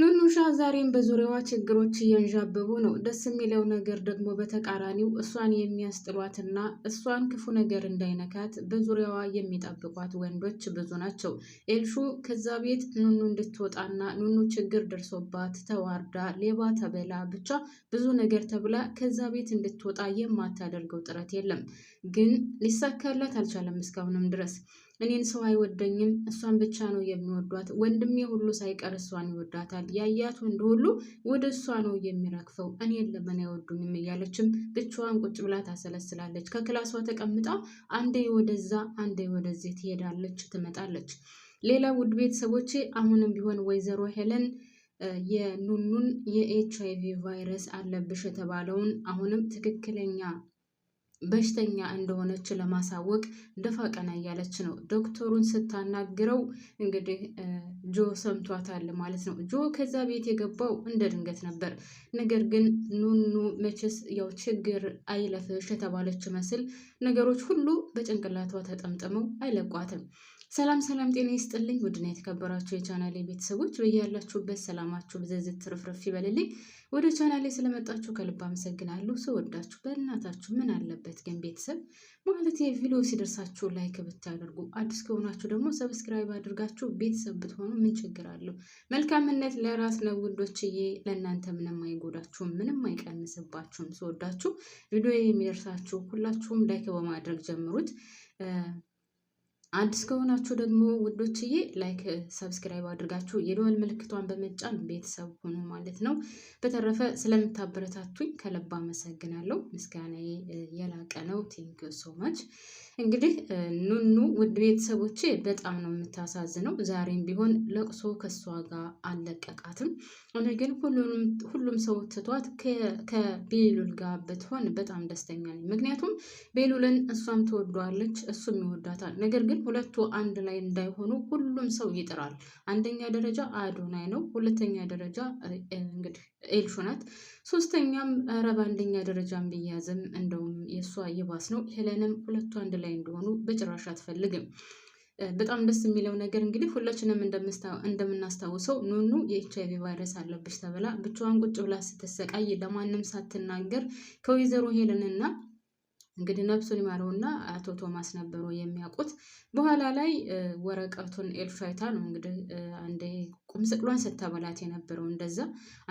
ኑኑሻ ዛሬም በዙሪያዋ ችግሮች እያንዣበቡ ነው። ደስ የሚለው ነገር ደግሞ በተቃራኒው እሷን የሚያስጥሏትና እሷን ክፉ ነገር እንዳይነካት በዙሪያዋ የሚጠብቋት ወንዶች ብዙ ናቸው። ኤልሹ ከዛ ቤት ኑኑ እንድትወጣና ኑኑ ችግር ደርሶባት ተዋርዳ ሌባ ተበላ ብቻ ብዙ ነገር ተብላ ከዛ ቤት እንድትወጣ የማታደርገው ጥረት የለም። ግን ሊሳካላት አልቻለም እስካሁንም ድረስ እኔን ሰው አይወደኝም፣ እሷን ብቻ ነው የሚወዷት። ወንድሜ ሁሉ ሳይቀር እሷን ይወዳታል። ያያት ወንድ ሁሉ ወደ እሷ ነው የሚረግፈው። እኔን ለምን አይወዱኝም እያለችም ብቻዋን ቁጭ ብላ ታሰለስላለች። ከክላሷ ተቀምጣ አንዴ ወደዛ አንዴ ወደዚህ ትሄዳለች፣ ትመጣለች። ሌላ ውድ ቤተሰቦቼ አሁንም ቢሆን ወይዘሮ ሄለን የኑኑን የኤች አይቪ ቫይረስ አለብሽ የተባለውን አሁንም ትክክለኛ በሽተኛ እንደሆነች ለማሳወቅ ደፋ ቀና እያለች ነው። ዶክተሩን ስታናግረው እንግዲህ ጆ ሰምቷታል ማለት ነው። ጆ ከዛ ቤት የገባው እንደ ድንገት ነበር። ነገር ግን ኑኑ መቼስ ያው ችግር አይለፍሽ የተባለች መስል ነገሮች ሁሉ በጭንቅላቷ ተጠምጥመው አይለቋትም። ሰላም ሰላም፣ ጤና ይስጥልኝ ውድና የተከበራችሁ የቻናሌ ቤተሰቦች በያላችሁበት ሰላማችሁ ብዝዝት ትርፍርፍ ይበልልኝ። ወደ ቻናሌ ስለመጣችሁ ከልብ አመሰግናለሁ። ሰው ወዳችሁ በእናታችሁ ምን አለበት ግን ቤተሰብ ማለት የቪዲዮ ሲደርሳችሁ ላይክ ብታደርጉ፣ አዲስ ከሆናችሁ ደግሞ ሰብስክራይብ አድርጋችሁ ቤተሰብ ብትሆኑ ምን ችግር አለው? መልካምነት ለራስ ነው ውዶችዬ፣ ለእናንተ ምንም አይጎዳችሁም፣ ምንም አይቀንስባችሁም። ስወዳችሁ ቪዲዮ የሚደርሳችሁ ሁላችሁም ላይክ በማድረግ ጀምሩት። አዲስ ከሆናችሁ ደግሞ ውዶችዬ ላይክ፣ ሰብስክራይብ አድርጋችሁ የደወል ምልክቷን በመጫን ቤተሰብ ሆኑ ማለት ነው። በተረፈ ስለምታበረታቱኝ ከልብ አመሰግናለሁ። ምስጋናዬ የላቀ ነው። ቴንክ ሶ ማች እንግዲህ ኑኑ ውድ ቤተሰቦቼ በጣም ነው የምታሳዝነው። ዛሬም ቢሆን ለቅሶ ከእሷ ጋር አለቀቃትም። እኔ ግን ሁሉም ሰው ትቷት ከቤሉል ጋር ብትሆን በጣም ደስተኛ ነኝ። ምክንያቱም ቤሉልን እሷም ትወዷለች፣ እሱም ይወዳታል። ነገር ግን ሁለቱ አንድ ላይ እንዳይሆኑ ሁሉም ሰው ይጥራል። አንደኛ ደረጃ አዶናይ ነው፣ ሁለተኛ ደረጃ እንግዲህ ኤልሹ ናት፣ ሶስተኛም ረብ አንደኛ ደረጃም ብያዝም እንደውም የእሷ ይባስ ነው ሄለንም ሁለቱ አንድ ላይ ላይ እንደሆኑ በጭራሽ አትፈልግም። በጣም ደስ የሚለው ነገር እንግዲህ ሁላችንም እንደምናስታውሰው ኑኑ የኤች አይቪ ቫይረስ አለብሽ ተብላ ብቻዋን ቁጭ ብላ ስትሰቃይ ለማንም ሳትናገር ከወይዘሮ እና እንግዲህ ነብሱን እና አቶ ቶማስ ነበሩ የሚያውቁት። በኋላ ላይ ወረቀቱን ኤልሻይታ ነው እንግዲህ አንዴ ቁም ስቅሏን ስታበላት የነበረው እንደዛ፣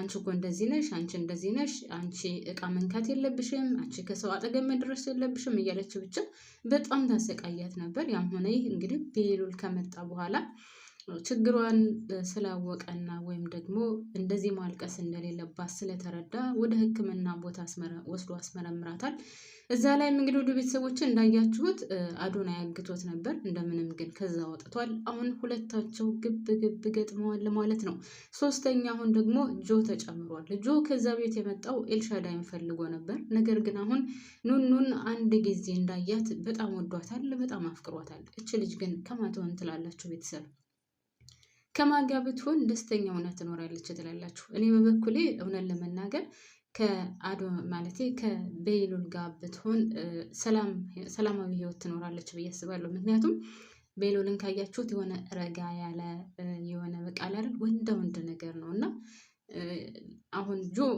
አንቺ እኮ እንደዚህ ነሽ፣ አንቺ እንደዚህ ነሽ፣ አንቺ እቃ መንካት የለብሽም፣ አንቺ ከሰው አጠገብ መድረስ የለብሽም እያለች ብቻ በጣም ታሰቃያት ነበር። ያም ሆነ ይህ እንግዲህ ቤሉል ከመጣ በኋላ ችግሯን ስላወቀና ወይም ደግሞ እንደዚህ ማልቀስ እንደሌለባት ስለተረዳ ወደ ሕክምና ቦታ ወስዶ አስመረምራታል። እዛ ላይም እንግዲህ ወደ ቤተሰቦች እንዳያችሁት አዶናይ አግቶት ነበር። እንደምንም ግን ከዛ ወጥቷል። አሁን ሁለታቸው ግብ ግብ ገጥመዋል ማለት ነው። ሶስተኛ አሁን ደግሞ ጆ ተጨምሯል። ጆ ከዛ ቤት የመጣው ኤልሻዳይን ፈልጎ ነበር። ነገር ግን አሁን ኑኑን አንድ ጊዜ እንዳያት በጣም ወዷታል፣ በጣም አፍቅሯታል። እች ልጅ ግን ከማትሆን ትላላችሁ ቤተሰብ ከማጋ ብትሆን ደስተኛ ሆና ትኖራለች ትላላችሁ። እኔ በበኩሌ እውነት ለመናገር ከአዶ ማለቴ ከቤሉል ጋር ብትሆን ሰላማዊ ህይወት ትኖራለች ብዬ አስባለሁ። ምክንያቱም ቤሉልን ካያችሁት የሆነ ረጋ ያለ የሆነ በቃ ላይ ወንደ ወንድ ነገር ነው እና አሁን ጆ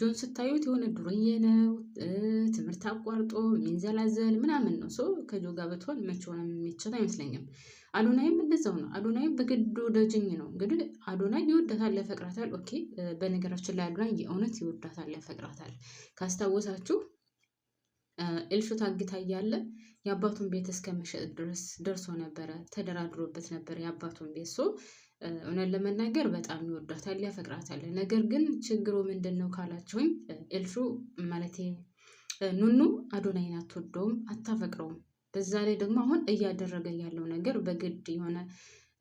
ጆን ስታዩት የሆነ ዱርዬ ነው፣ ትምህርት አቋርጦ የሚንዘላዘል ምናምን ነው። ሰው ከጆ ጋር ብትሆን መቼ ሆነ የሚችል አይመስለኝም። አዶናይም እንደዛው ነው። አዶናይም በግድ ወዳጅኝ ነው እንግዲህ አዶናይ ይወዳታል፣ ያፈቅራታል። ኦኬ በነገራችን ላይ አዶናይ የእውነት ይወዳታል፣ ያፈቅራታል። ካስታወሳችሁ እልሹ ታግታ እያለ የአባቱን ቤት እስከ መሸጥ ድረስ ደርሶ ነበረ። ተደራድሮበት ነበረ የአባቱን ቤት ሶ እውነት ለመናገር በጣም ይወዳታል፣ ያፈቅራታል። ነገር ግን ችግሩ ምንድን ነው ካላችሁኝ እልሹ ማለት ኑኑ አዶናይን አትወደውም፣ አታፈቅረውም። በዛ ላይ ደግሞ አሁን እያደረገ ያለው ነገር በግድ የሆነ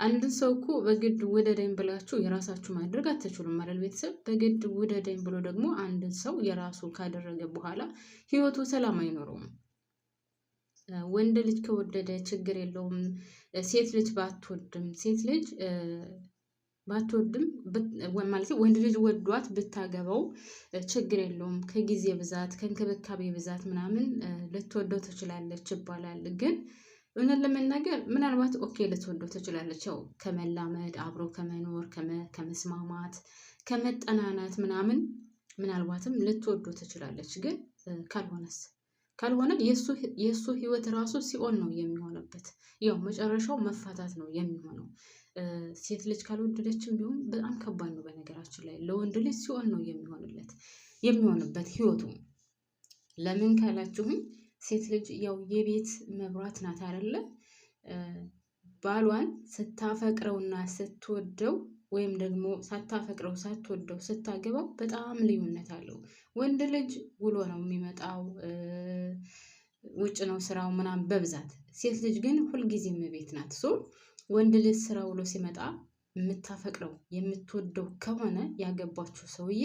አንድን ሰው እኮ በግድ ውደደኝ ብላችሁ የራሳችሁ ማድረግ አትችሉም አይደል? ቤተሰብ በግድ ውደደኝ ብሎ ደግሞ አንድን ሰው የራሱ ካደረገ በኋላ ህይወቱ ሰላም አይኖረውም። ወንድ ልጅ ከወደደ ችግር የለውም። ሴት ልጅ ባትወድም ሴት ልጅ ባትወድም ማለት ወንድ ልጅ ወዷት ብታገባው ችግር የለውም። ከጊዜ ብዛት ከእንክብካቤ ብዛት ምናምን ልትወደው ትችላለች ይባላል። ግን እውነት ለመናገር ምናልባት ኦኬ ልትወደው ትችላለች፣ ያው ከመላመድ አብሮ ከመኖር ከመስማማት ከመጠናናት ምናምን ምናልባትም ልትወደው ትችላለች። ግን ካልሆነስ ካልሆነ የእሱ ህይወት ራሱ ሲኦል ነው የሚሆንበት። ያው መጨረሻው መፋታት ነው የሚሆነው። ሴት ልጅ ካልወደደችም ቢሆን በጣም ከባድ ነው። በነገራችን ላይ ለወንድ ልጅ ሲኦል ነው የሚሆንለት የሚሆንበት ህይወቱ። ለምን ካላችሁም ሴት ልጅ ያው የቤት መብራት ናት አይደለ? ባሏን ስታፈቅረውና ስትወደው ወይም ደግሞ ሳታፈቅረው ሳትወደው ስታገባው በጣም ልዩነት አለው። ወንድ ልጅ ውሎ ነው የሚመጣው። ውጭ ነው ስራው ምናምን በብዛት ሴት ልጅ ግን ሁልጊዜም ቤት ናት። ሶ ወንድ ልጅ ስራ ውሎ ሲመጣ የምታፈቅረው የምትወደው ከሆነ ያገባችው ሰውዬ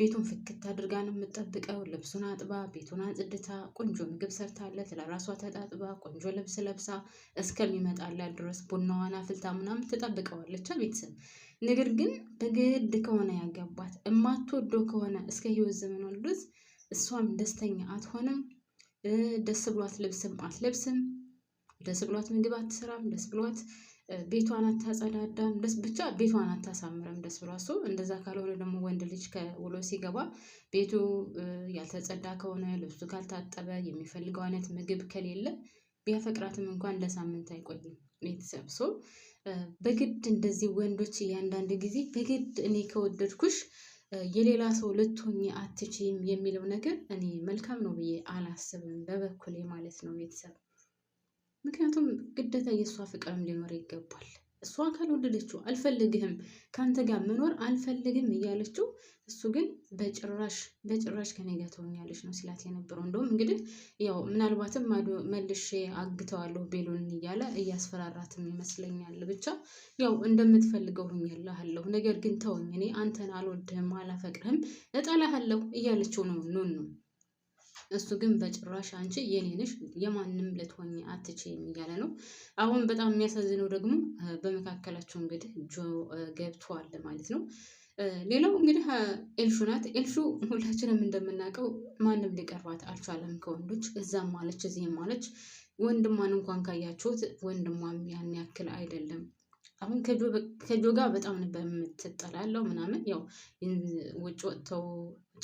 ቤቱን ፍክት አድርጋ ነው የምጠብቀው። ልብሱን አጥባ፣ ቤቱን አጽድታ፣ ቆንጆ ምግብ ሰርታለት፣ ለራሷ ተጣጥባ፣ ቆንጆ ልብስ ለብሳ እስከሚመጣላት ድረስ ቡናዋን አፍልታ ምናምን ትጠብቀዋለች ቤተሰብ። ነገር ግን በግድ ከሆነ ያገባት፣ የማትወደው ከሆነ እስከ ህይወት ዘመኗ ድረስ እሷም ደስተኛ አትሆንም። ደስ ብሏት ልብስም አትለብስም፣ ደስ ብሏት ምግብ አትሰራም፣ ደስ ብሏት ቤቷን አታጸዳዳም፣ ደስ ብቻ ቤቷን አታሳምረም። ደስ ብሏት ሰው እንደዛ ካልሆነ ደግሞ ወንድ ልጅ ከውሎ ሲገባ ቤቱ ያልተጸዳ ከሆነ ልብሱ ካልታጠበ የሚፈልገው አይነት ምግብ ከሌለ ቢያፈቅራትም እንኳን ለሳምንት አይቆይም። ቤተሰብ ሰው በግድ እንደዚህ ወንዶች እያንዳንድ ጊዜ በግድ እኔ ከወደድኩሽ የሌላ ሰው ልትሆኝ አትችይም የሚለው ነገር እኔ መልካም ነው ብዬ አላስብም፣ በበኩሌ ማለት ነው ቤተሰብ። ምክንያቱም ግዴታ የእሷ ፍቅርም ሊኖር ይገባል። እሷ ካልወደደችው አልፈልግህም፣ ከአንተ ጋር መኖር አልፈልግም እያለችው እሱ ግን በጭራሽ በጭራሽ ከኔ ጋር ትሆኛለች ነው ሲላት የነበረው። እንደውም እንግዲህ ያው ምናልባትም መልሼ አግተዋለሁ ቤሎን እያለ እያስፈራራትም ይመስለኛል። ብቻ ያው እንደምትፈልገው ሁኝልሃለሁ፣ ነገር ግን ተወኝ፣ እኔ አንተን አልወድህም፣ አላፈቅርህም፣ እጠላሃለሁ እያለችው ነው ነው እሱ ግን በጭራሽ አንቺ የኔ ነሽ የማንም ልትሆኝ አትችይም እያለ ነው። አሁን በጣም የሚያሳዝነው ደግሞ በመካከላቸው እንግዲህ ጆ ገብቷል ማለት ነው። ሌላው እንግዲህ ኤልሹ ናት። ኤልሹ ሁላችንም እንደምናውቀው ማንም ሊቀርባት አልቻለም ከወንዶች እዛም ማለች እዚህም ማለች። ወንድሟን እንኳን ካያችሁት ወንድሟም ያን ያክል አይደለም አሁን ከጆ ጋር በጣም ነበር የምትጠላለው ምናምን። ያው ውጭ ወጥተው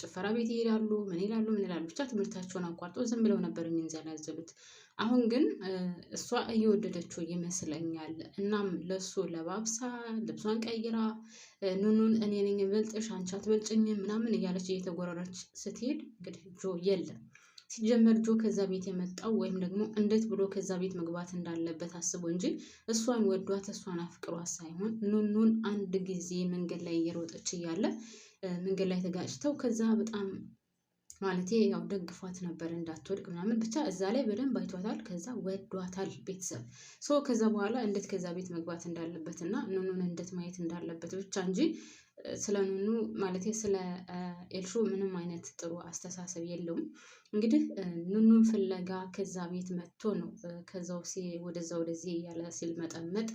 ጭፈራ ቤት ይሄዳሉ፣ ምን ይላሉ፣ ምን ይላሉ። ብቻ ትምህርታቸውን አቋርጠው ዝም ብለው ነበር የሚንዘላዘሉት። አሁን ግን እሷ እየወደደችው ይመስለኛል። እናም ለሱ ለባብሳ ልብሷን ቀይራ ኑኑን እኔ ነኝ የምበልጥሽ አንቺ አትበልጭኝም ምናምን እያለች እየተጎረረች ስትሄድ እንግዲህ ጆ የለም ሲጀመር ጆ ከዛ ቤት የመጣው ወይም ደግሞ እንዴት ብሎ ከዛ ቤት መግባት እንዳለበት አስቦ እንጂ እሷን ወዷት እሷን አፍቅሯት ሳይሆን ኑኑን አንድ ጊዜ መንገድ ላይ እየሮጠች እያለ መንገድ ላይ ተጋጭተው ከዛ በጣም ማለት ያው ደግፏት ነበር እንዳትወድቅ ምናምን ብቻ እዛ ላይ በደንብ አይቷታል። ከዛ ወዷታል ቤተሰብ ሶ ከዛ በኋላ እንዴት ከዛ ቤት መግባት እንዳለበት እና ኑኑን እንዴት ማየት እንዳለበት ብቻ እንጂ ስለ ኑኑ ማለት ስለ ኤልሹ ምንም አይነት ጥሩ አስተሳሰብ የለውም። እንግዲህ ኑኑን ፍለጋ ከዛ ቤት መጥቶ ነው ከዛው ወደዛ ወደዚህ እያለ ሲል መጠመጥ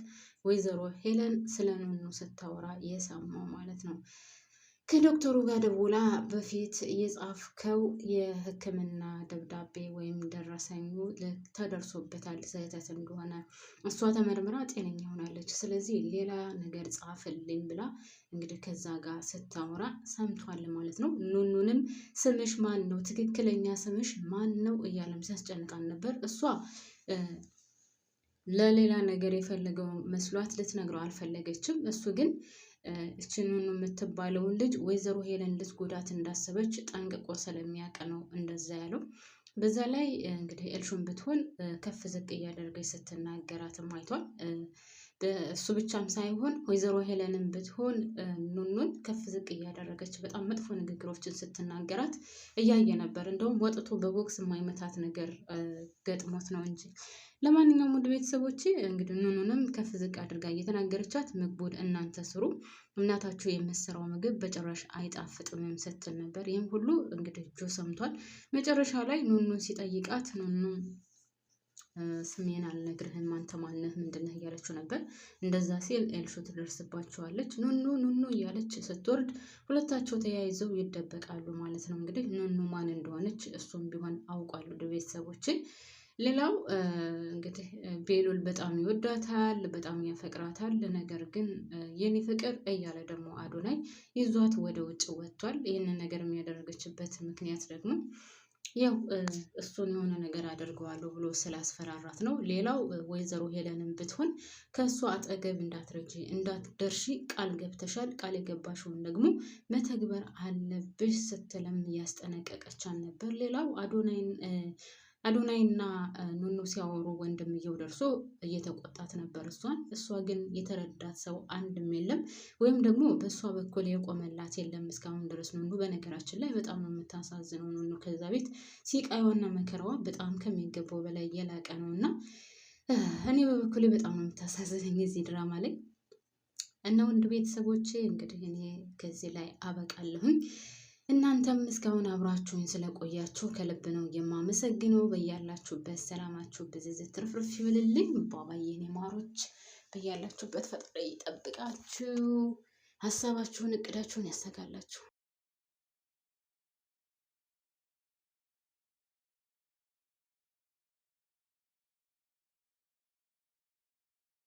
ወይዘሮ ሄለን ስለ ኑኑ ስታወራ የሰማው ማለት ነው። ከዶክተሩ ጋር ደውላ በፊት የጻፍከው የሕክምና ደብዳቤ ወይም ደረሰኙ ተደርሶበታል ስህተት እንደሆነ እሷ ተመርምራ ጤነኛ ሆናለች፣ ስለዚህ ሌላ ነገር ጻፍልኝ ብላ እንግዲህ ከዛ ጋር ስታወራ ሰምቷል ማለት ነው። ኑኑንም ስምሽ ማን ነው? ትክክለኛ ስምሽ ማን ነው? እያለም ሲያስጨንቃን ነበር እሷ ለሌላ ነገር የፈለገው መስሏት ልትነግረው አልፈለገችም። እሱ ግን እችንኑ የምትባለውን ልጅ ወይዘሮ ሄለን ልትጎዳት እንዳሰበች ጠንቅቆ ስለሚያውቅ ነው እንደዛ ያለው። በዛ ላይ እንግዲህ እልሹን ብትሆን ከፍ ዝቅ እያደረገች ስትናገራትም አይቷል። እሱ ብቻም ሳይሆን ወይዘሮ ሄለንን ብትሆን ኑኑን ከፍ ዝቅ እያደረገች በጣም መጥፎ ንግግሮችን ስትናገራት እያየ ነበር። እንደውም ወጥቶ በቦክስ የማይመታት ነገር ገጥሞት ነው እንጂ ለማንኛውም ውድ ቤተሰቦች እንግዲህ ኑኑንም ከፍ ዝቅ አድርጋ እየተናገረቻት ምግቡን እናንተ ስሩ፣ እናታችሁ የምትሰራው ምግብ በጭራሽ አይጣፍጥም ስትል ነበር። ይህም ሁሉ እንግዲህ ጆ ሰምቷል። መጨረሻ ላይ ኑኑን ሲጠይቃት ኑኑ ስሜን አልነግርህም አንተ ማነህ ምንድነህ እያለችው ነበር። እንደዛ ሲል ኤልሹ ትደርስባቸዋለች። ኑኑ ኑኑ እያለች ስትወርድ ሁለታቸው ተያይዘው ይደበቃሉ ማለት ነው። እንግዲህ ኑኑ ማን እንደሆነች እሱም ቢሆን አውቋሉ ቤተሰቦቼ ሌላው እንግዲህ ቤሉል በጣም ይወዳታል፣ በጣም ያፈቅራታል። ነገር ግን የኔ ፍቅር እያለ ደግሞ አዶናይ ይዟት ወደ ውጭ ወጥቷል። ይህንን ነገር የሚያደርገችበት ምክንያት ደግሞ ያው እሱን የሆነ ነገር አድርገዋለሁ ብሎ ስላስፈራራት ነው። ሌላው ወይዘሮ ሄለንም ብትሆን ከእሱ አጠገብ እንዳትረጂ እንዳትደርሺ ቃል ገብተሻል፣ ቃል የገባሽውን ደግሞ መተግበር አለብሽ ስትልም እያስጠነቀቀቻን ነበር። ሌላው አዶናይን አዶናይ እና ኑኑ ሲያወሩ ወንድምየው ደርሶ እየተቆጣት ነበር እሷን። እሷ ግን የተረዳት ሰው አንድም የለም ወይም ደግሞ በእሷ በኩል የቆመላት የለም እስካሁን ድረስ። ኑኑ በነገራችን ላይ በጣም ነው የምታሳዝነው። ኑኑ ከዛ ቤት ሲቃይዋና መከራዋ በጣም ከሚገባው በላይ የላቀ ነው እና እኔ በበኩሌ በጣም ነው የምታሳዝነኝ እዚህ ድራማ ላይ እና ወንድ ቤተሰቦቼ እንግዲህ እኔ ከዚህ ላይ አበቃለሁኝ። እናንተም እስካሁን አብራችሁን ስለቆያችሁ ከልብ ነው የማመሰግነው። በያላችሁበት ሰላማችሁ ብዝዝት ትርፍርፍ ይብልልኝ። ባባዬ ኔማሮች በያላችሁበት ፈጣሪ ይጠብቃችሁ። ሀሳባችሁን እቅዳችሁን ያሰጋላችሁ።